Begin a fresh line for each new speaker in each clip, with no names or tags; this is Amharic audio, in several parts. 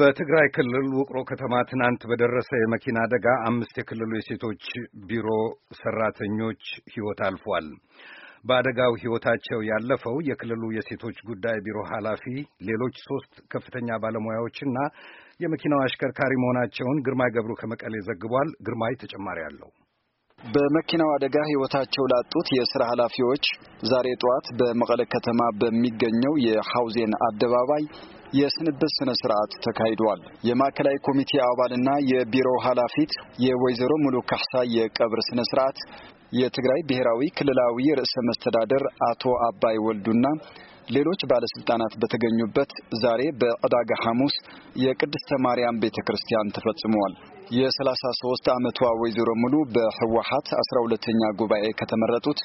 በትግራይ ክልል ውቅሮ ከተማ ትናንት በደረሰ የመኪና አደጋ አምስት የክልሉ የሴቶች ቢሮ ሰራተኞች ሕይወት አልፏል። በአደጋው ሕይወታቸው ያለፈው የክልሉ የሴቶች ጉዳይ ቢሮ ኃላፊ፣ ሌሎች ሶስት ከፍተኛ ባለሙያዎችና የመኪናው አሽከርካሪ መሆናቸውን ግርማይ ገብሩ ከመቀሌ ዘግቧል። ግርማይ ተጨማሪ አለው።
በመኪናው አደጋ ህይወታቸው ላጡት የስራ ኃላፊዎች ዛሬ ጠዋት በመቀለ ከተማ በሚገኘው የሐውዜን አደባባይ የስንብት ስነ ስርዓት ተካሂዷል። የማዕከላዊ ኮሚቴ አባልና የቢሮ ኃላፊት የወይዘሮ ሙሉ ካሳ የቀብር ስነ ስርዓት የትግራይ ብሔራዊ ክልላዊ ርዕሰ መስተዳደር አቶ አባይ ወልዱና ሌሎች ባለስልጣናት በተገኙበት ዛሬ በዕዳጋ ሐሙስ የቅድስተ ማርያም ቤተ ክርስቲያን ተፈጽመዋል። የ33 ዓመቷ ወይዘሮ ሙሉ በህወሀት 12ኛ ጉባኤ ከተመረጡት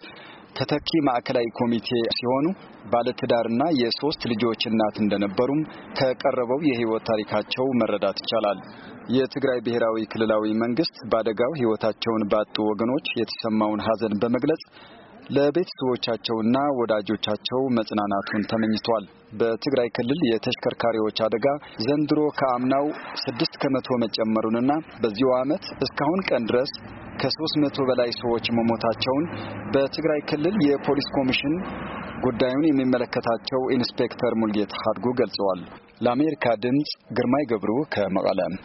ተተኪ ማዕከላዊ ኮሚቴ ሲሆኑ ባለትዳርና የሶስት ልጆች እናት እንደነበሩም ከቀረበው የሕይወት ታሪካቸው መረዳት ይቻላል። የትግራይ ብሔራዊ ክልላዊ መንግስት በአደጋው ሕይወታቸውን ባጡ ወገኖች የተሰማውን ሀዘን በመግለጽ ለቤተሰቦቻቸውና ወዳጆቻቸው መጽናናቱን ተመኝቷል። በትግራይ ክልል የተሽከርካሪዎች አደጋ ዘንድሮ ከአምናው ስድስት ከመቶ መጨመሩንና በዚሁ ዓመት እስካሁን ቀን ድረስ ከሶስት መቶ በላይ ሰዎች መሞታቸውን በትግራይ ክልል የፖሊስ ኮሚሽን ጉዳዩን የሚመለከታቸው ኢንስፔክተር ሙልጌታ አድጎ ገልጸዋል። ለአሜሪካ ድምፅ ግርማይ ገብሩ ከመቀለም